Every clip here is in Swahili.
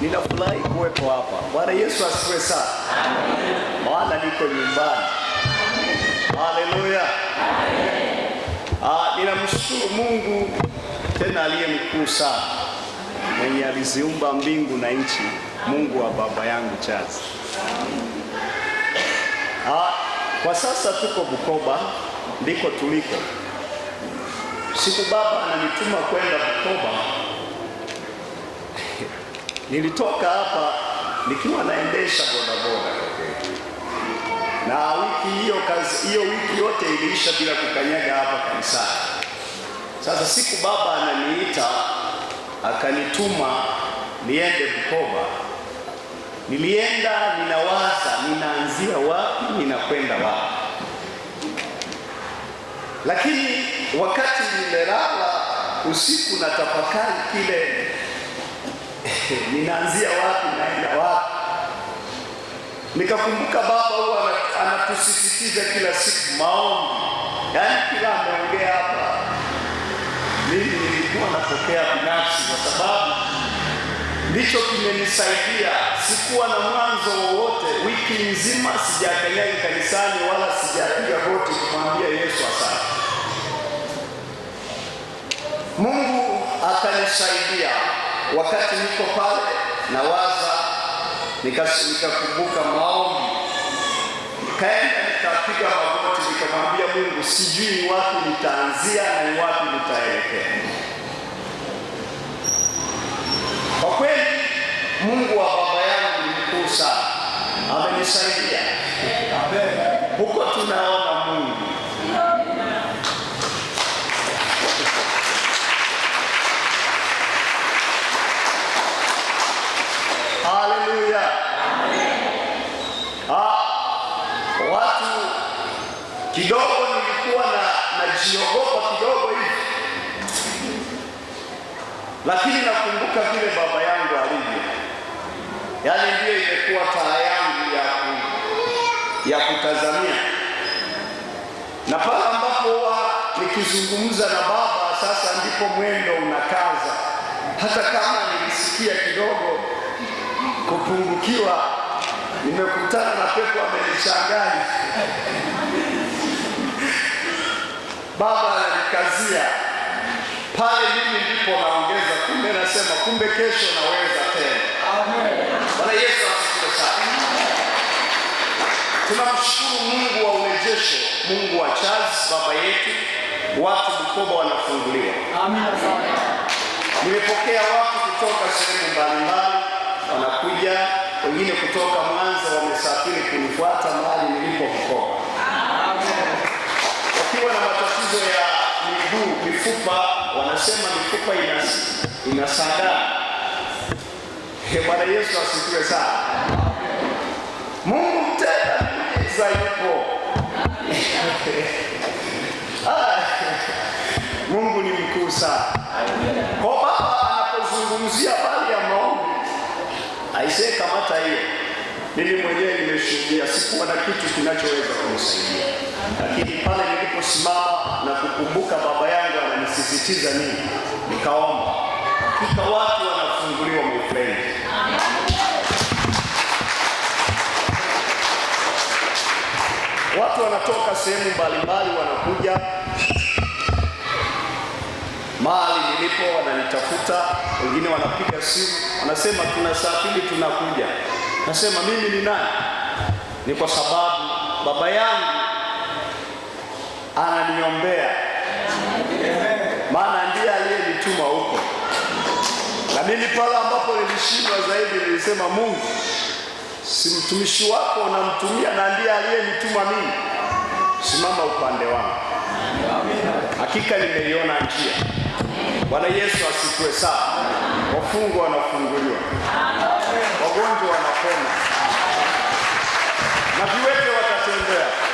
Ninafurahi kuwepo hapa. Bwana Yesu asifiwe sana. Amen. Maana niko nyumbani. Haleluya. Ah, ninamshukuru Mungu tena aliye mkuu sana mwenye aliziumba mbingu na nchi, Mungu wa baba yangu chazi Ah, kwa sasa tuko Bukoba ndiko tuliko. Siku baba ananituma kwenda Bukoba Nilitoka hapa nikiwa naendesha bodaboda na wiki hiyo kazi hiyo wiki yote iliisha bila kukanyaga hapa kanisani. Sasa siku baba ananiita akanituma niende Bukoba. Nilienda ninawaza, ninaanzia wapi, ninakwenda wapi, lakini wakati nimelala usiku na tafakari kile ninaanzia wapi naenda wapi? Nikakumbuka baba huwa anatusisitiza kila siku maombi, yaani kila ameongea hapa, mimi nilikuwa natokea binafsi, kwa sababu ndicho kimenisaidia. Sikuwa na mwanzo wowote, wiki nzima sijakanyaga kanisani wala sijapiga goti kumwambia Yesu asante. Mungu akanisaidia. Wakati niko pale na waza, nikakumbuka maombi, nikaenda nikapiga magoti, nikamwambia Mungu, sijui ni wapi nitaanzia na ni wapi nitaelekea. Kwa kweli Mungu wa baba yangu ni mkuu sana, amenisaidia lakini nakumbuka vile baba yangu alivyo, yaani ndiyo imekuwa taa yangu ya, ku, ya kutazamia, na pale ambapo huwa nikizungumza na baba sasa ndipo mwendo unakaza, hata kama nilisikia kidogo kupungukiwa, nimekutana na pepo amenishangani baba ananikazia pale mimi ndipo naongeza, kumbe nasema, kumbe kesho naweza tena. Amen. Bwana Yesu asifiwe sana. Tunamshukuru Mungu wa urejesho, Mungu wa Charles baba yetu, watu Bukoba wanafunguliwa. Nimepokea watu kutoka sehemu mbalimbali wanakuja, wengine kutoka Mwanza wamesafiri kunifuata mahali nilipo Bukoba, wakiwa na matatizo ya miguu, mifupa wanasema mifupa inasagaa. Eh, Bwana Yesu asifiwe sana. Mungu mtenda miujiza yupo. Ah, Mungu ni mkuu sana. Kwa Baba anapozungumzia bali ya maombi aisee, kamata hiyo. Mimi mwenyewe nimeshuhudia, sikuwa na kitu kinachoweza kumsaidia, lakini pale niliposimama na kuku nilisisitiza nini? Nikaomba hakika watu wanafunguliwa my friend. Watu wanatoka sehemu mbalimbali wanakuja mahali nilipo, wananitafuta, wengine wanapiga simu, wanasema tunasafiri, tunakuja. Nasema mimi ni nani? Ni kwa sababu baba yangu ananiombea Amini, pale ambapo nilishindwa zaidi, nilisema Mungu, si mtumishi wako unamtumia na ndiye aliyenituma mimi, simama upande wangu. Hakika nimeiona njia. Bwana Yesu asifiwe sana. Wafungwa wanafunguliwa, wagonjwa wanapona, na viwete watatembea.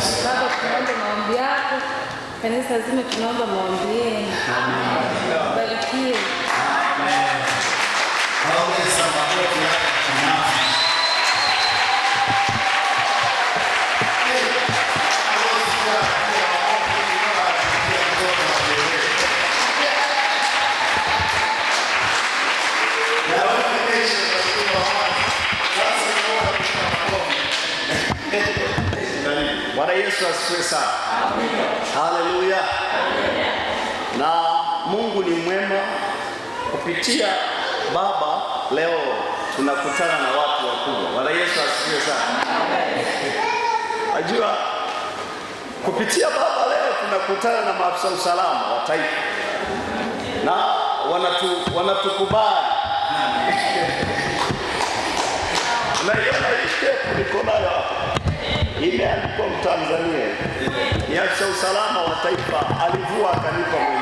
Baba, tunaomba maombi yako, kanisa zima tunaomba maombi yenu, barikie Bwana Yesu asifiwe sana. Haleluya. Na Mungu ni mwema. Kupitia Baba leo tunakutana na watu wakubwa. Bwana Yesu asifiwe sana. Ajua kupitia Baba leo tunakutana na maafisa usalama wa taifa na wanatukubali, Na yeye ni tepu niko imeandikwa Mtanzania, ni usalama wa taifa, alivua akanipa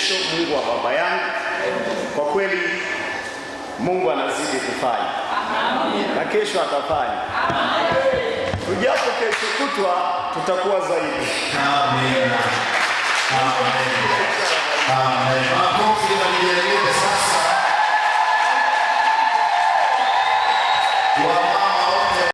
kesho, Mungu wa baba yangu. Kwa kweli Mungu anazidi kufanya na kesho atafanya, tujapo kesho kutwa tutakuwa zaidi. Amen. Amen. Amen. Amen.